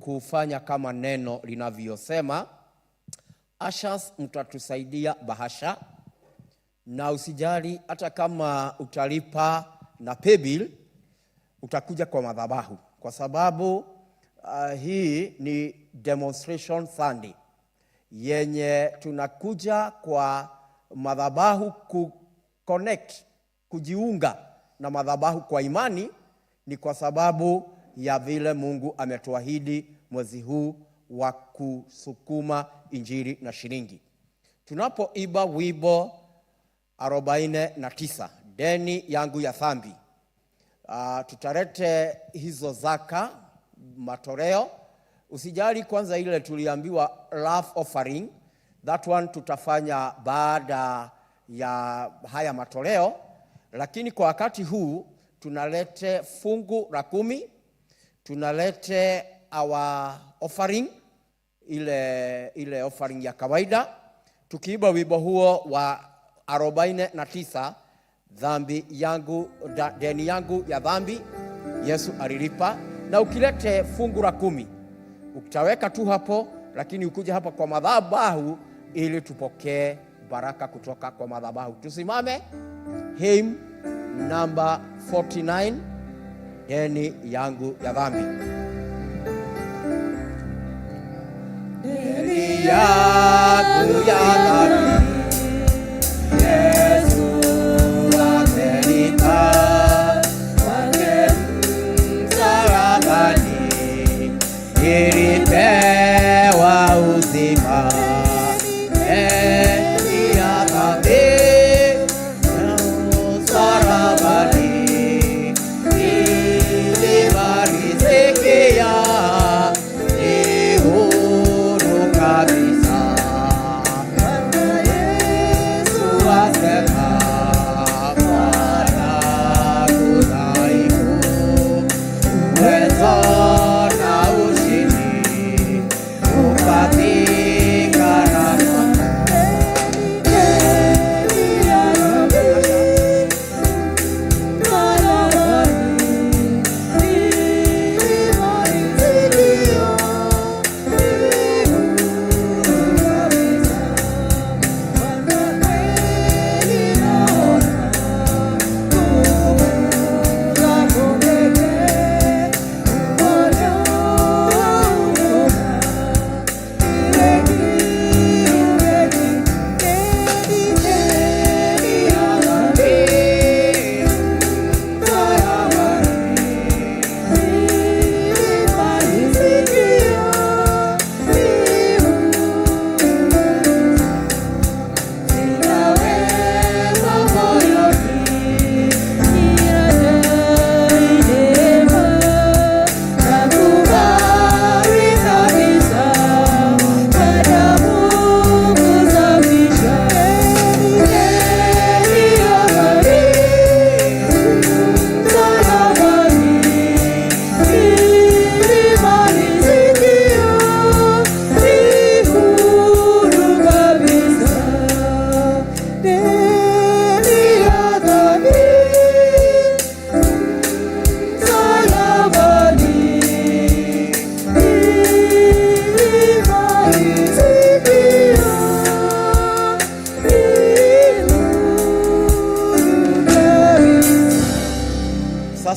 kufanya kama neno linavyosema. Ashas mtatusaidia bahasha, na usijali hata kama utalipa na pebil utakuja kwa madhabahu kwa sababu uh, hii ni demonstration Sunday yenye tunakuja kwa madhabahu ku connect kujiunga na madhabahu kwa imani, ni kwa sababu ya vile Mungu ametuahidi mwezi huu wa kusukuma injili na shilingi. Tunapoiba wimbo 49 deni yangu ya dhambi, uh, tutarete hizo zaka matoleo. Usijali kwanza, ile tuliambiwa love offering, that one tutafanya baada ya haya matoleo, lakini kwa wakati huu tunalete fungu la kumi tunalete our offering, ile ile offering ya kawaida, tukiiba wimbo huo wa 49 na dhambi yangu da, deni yangu ya dhambi Yesu alilipa. Na ukilete fungu la kumi utaweka tu hapo, lakini ukuja hapa kwa madhabahu ili tupokee baraka kutoka kwa madhabahu. Tusimame hymn number 49 deni yangu ya dhambi, deni yangu ya dhambi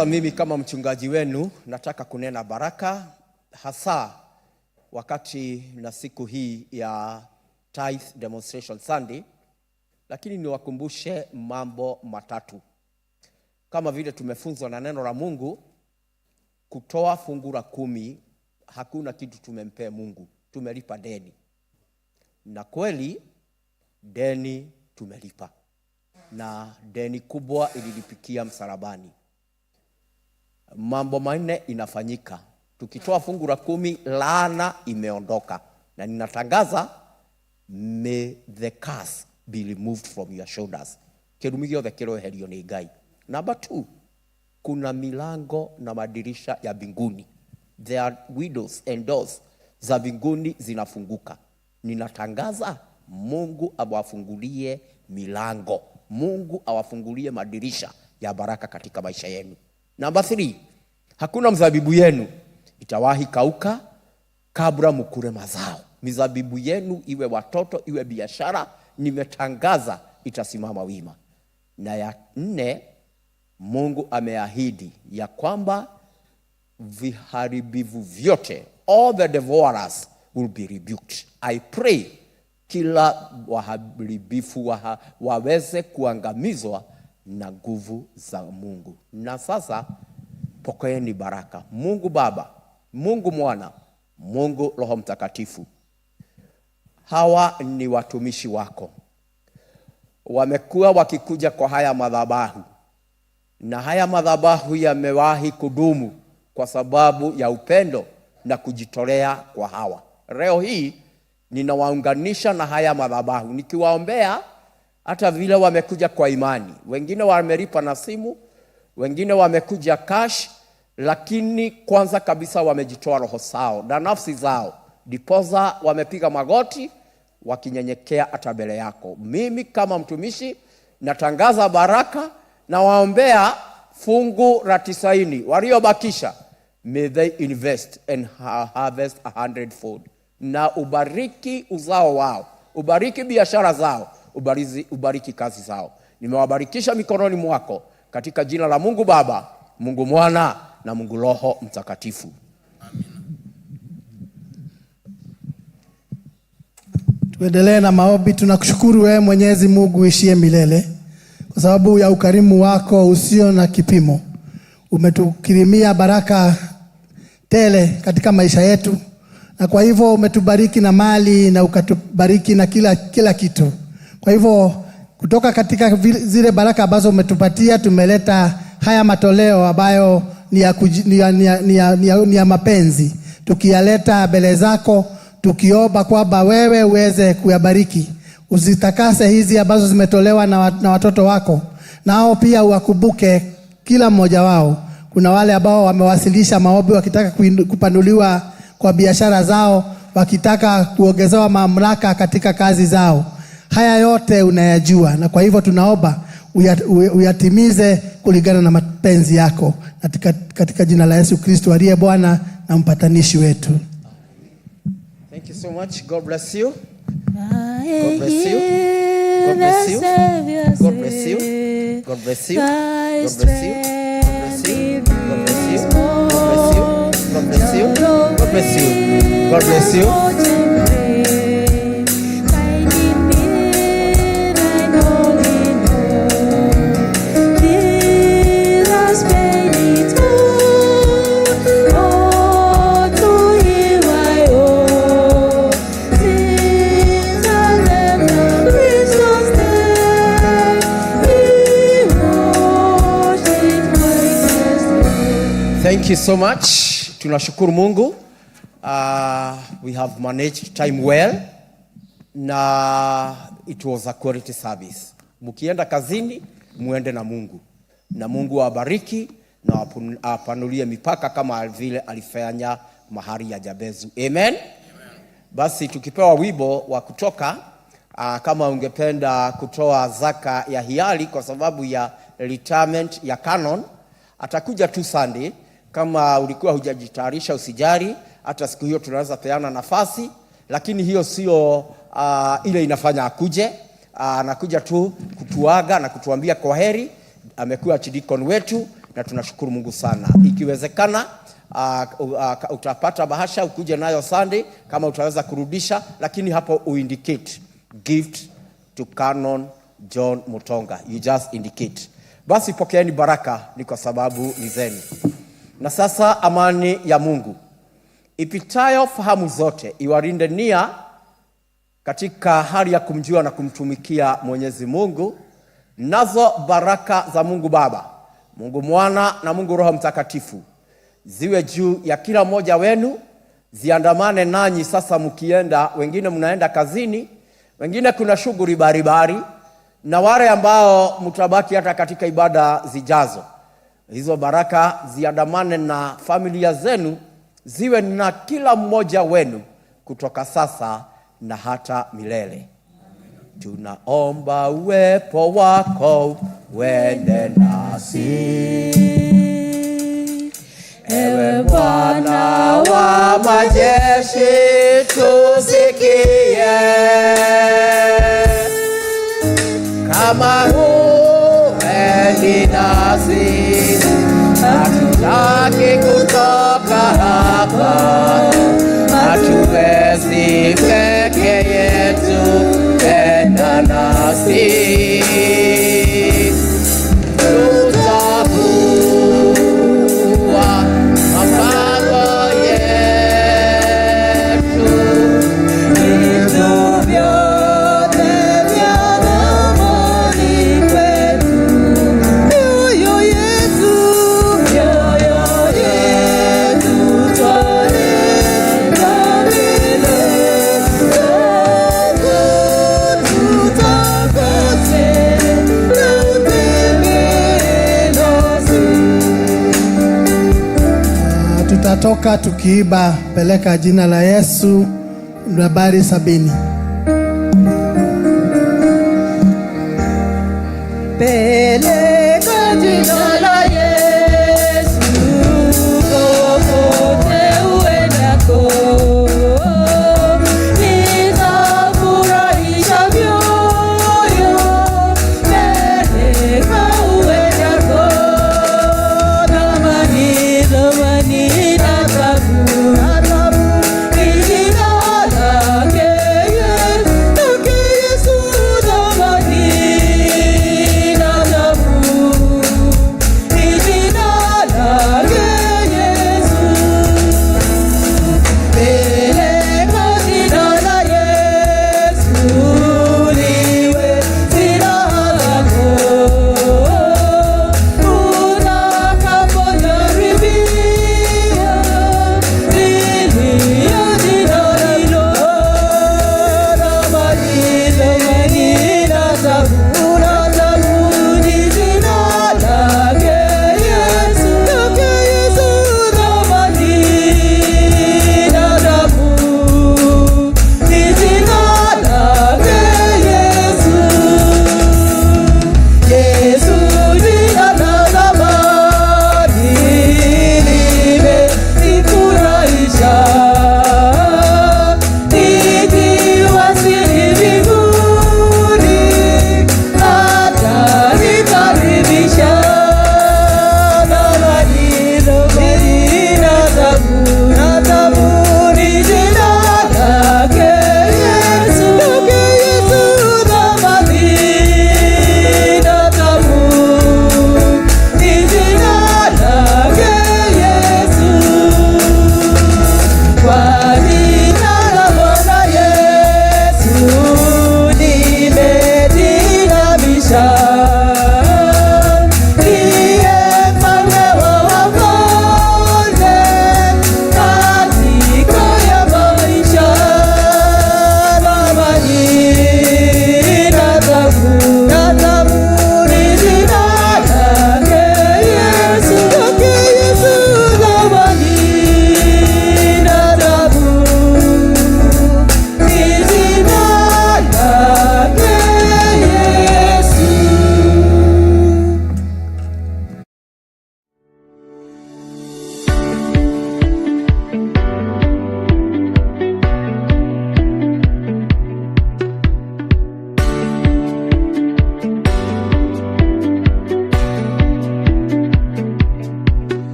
Sasa mimi kama mchungaji wenu nataka kunena baraka hasa wakati na siku hii ya Tithe Demonstration Sunday, lakini niwakumbushe mambo matatu kama vile tumefunzwa na neno la Mungu. Kutoa fungu la kumi, hakuna kitu tumempea Mungu, tumelipa deni, na kweli deni tumelipa, na deni kubwa ililipikia msalabani mambo manne inafanyika. Tukitoa fungu la kumi, laana imeondoka, na ninatangaza may the curse be removed from your shoulders, kirumi giothe kiroeherio ni Ngai. Namba 2 kuna milango na madirisha ya mbinguni, there are and doors za mbinguni zinafunguka. Ninatangaza Mungu awafungulie milango, Mungu awafungulie madirisha ya baraka katika maisha yenu. Namba hakuna mzabibu yenu itawahi kauka kabla mukure mazao. Mizabibu yenu iwe watoto iwe biashara, nimetangaza itasimama wima. Na ya nne, Mungu ameahidi ya kwamba viharibivu vyote, all the devourers will be rebuked. I pray kila waharibifu waha, waweze kuangamizwa na nguvu za Mungu. Na sasa pokeeni baraka. Mungu Baba, Mungu Mwana, Mungu Roho Mtakatifu, hawa ni watumishi wako, wamekuwa wakikuja kwa haya madhabahu, na haya madhabahu yamewahi kudumu kwa sababu ya upendo na kujitolea kwa hawa. Leo hii ninawaunganisha na haya madhabahu nikiwaombea hata vile wamekuja kwa imani. Wengine wamelipa na simu, wengine wamekuja cash, lakini kwanza kabisa wamejitoa roho zao na nafsi zao, dipoza wamepiga magoti wakinyenyekea hata mbele yako. Mimi kama mtumishi natangaza baraka na waombea fungu la tisaini waliobakisha, may they invest and harvest a hundredfold, na ubariki uzao wao, ubariki biashara zao ubarizi, ubariki kazi zao. Nimewabarikisha mikononi mwako katika jina la Mungu Baba, Mungu Mwana na Mungu Roho Mtakatifu. Tuendelee na maombi. Tunakushukuru wewe Mwenyezi Mungu ishie milele kwa sababu ya ukarimu wako usio na kipimo. Umetukirimia baraka tele katika maisha yetu, na kwa hivyo umetubariki na mali na ukatubariki na kila, kila kitu. Kwa hivyo kutoka katika zile baraka ambazo umetupatia tumeleta haya matoleo ambayo ni ya, ni ya, ni ya, ni ya, ni ya, ni ya mapenzi, tukiyaleta mbele zako tukiomba kwamba wewe uweze kuyabariki, uzitakase hizi ambazo zimetolewa na, na watoto wako, nao pia uwakumbuke kila mmoja wao. Kuna wale ambao wamewasilisha maombi wakitaka kupanuliwa kwa biashara zao, wakitaka kuongezewa mamlaka katika kazi zao haya yote unayajua, na kwa hivyo tunaomba uyatimize kulingana na mapenzi yako katika, katika jina la Yesu Kristo aliye Bwana na mpatanishi wetu. Thank you so much. God bless you. God bless you. God bless you. God bless you. God bless you. God bless you. God bless you. God bless you. God bless you. God bless you. God bless you. God bless you. you so much. Tunashukuru Mungu. Uh, we have managed time well na it was a quality service. Mkienda kazini muende na Mungu na Mungu awabariki na apanulie mipaka kama vile alifanya mahari ya Jabezu. Amen. Amen. Basi tukipewa wibo wa kutoka uh, kama ungependa kutoa zaka ya hiari kwa sababu ya retirement ya canon atakuja tu Sunday kama ulikuwa hujajitayarisha usijari hata siku hiyo tunaweza peana nafasi, lakini hiyo sio uh, ile inafanya akuje. Uh, anakuja tu kutuaga na kutuambia kwa heri. Amekuwa chidikon wetu na tunashukuru Mungu sana. Ikiwezekana uh, uh, utapata bahasha ukuje nayo sande kama utaweza kurudisha, lakini hapo uindicate gift to Canon John Mutonga, you just indicate. Basi pokeeni baraka, ni kwa sababu ni zenu. Na sasa amani ya Mungu ipitayo fahamu zote iwarinde nia katika hali ya kumjua na kumtumikia Mwenyezi Mungu. Nazo baraka za Mungu Baba, Mungu Mwana na Mungu Roho Mtakatifu ziwe juu ya kila mmoja wenu, ziandamane nanyi sasa mkienda. Wengine mnaenda kazini, wengine kuna shughuli baribari, na wale ambao mtabaki hata katika ibada zijazo hizo baraka ziandamane na familia zenu, ziwe na kila mmoja wenu kutoka sasa na hata milele. Tunaomba uwepo wako wende nasi Ewe Bwana wa majeshi, tusikie. Kama huwe ni nasi hatutaki kutoka hapa, hatuwezi peke yetu, penda nasi tunatoka tukiiba peleka jina la Yesu, nambari sabini. Peleka jina la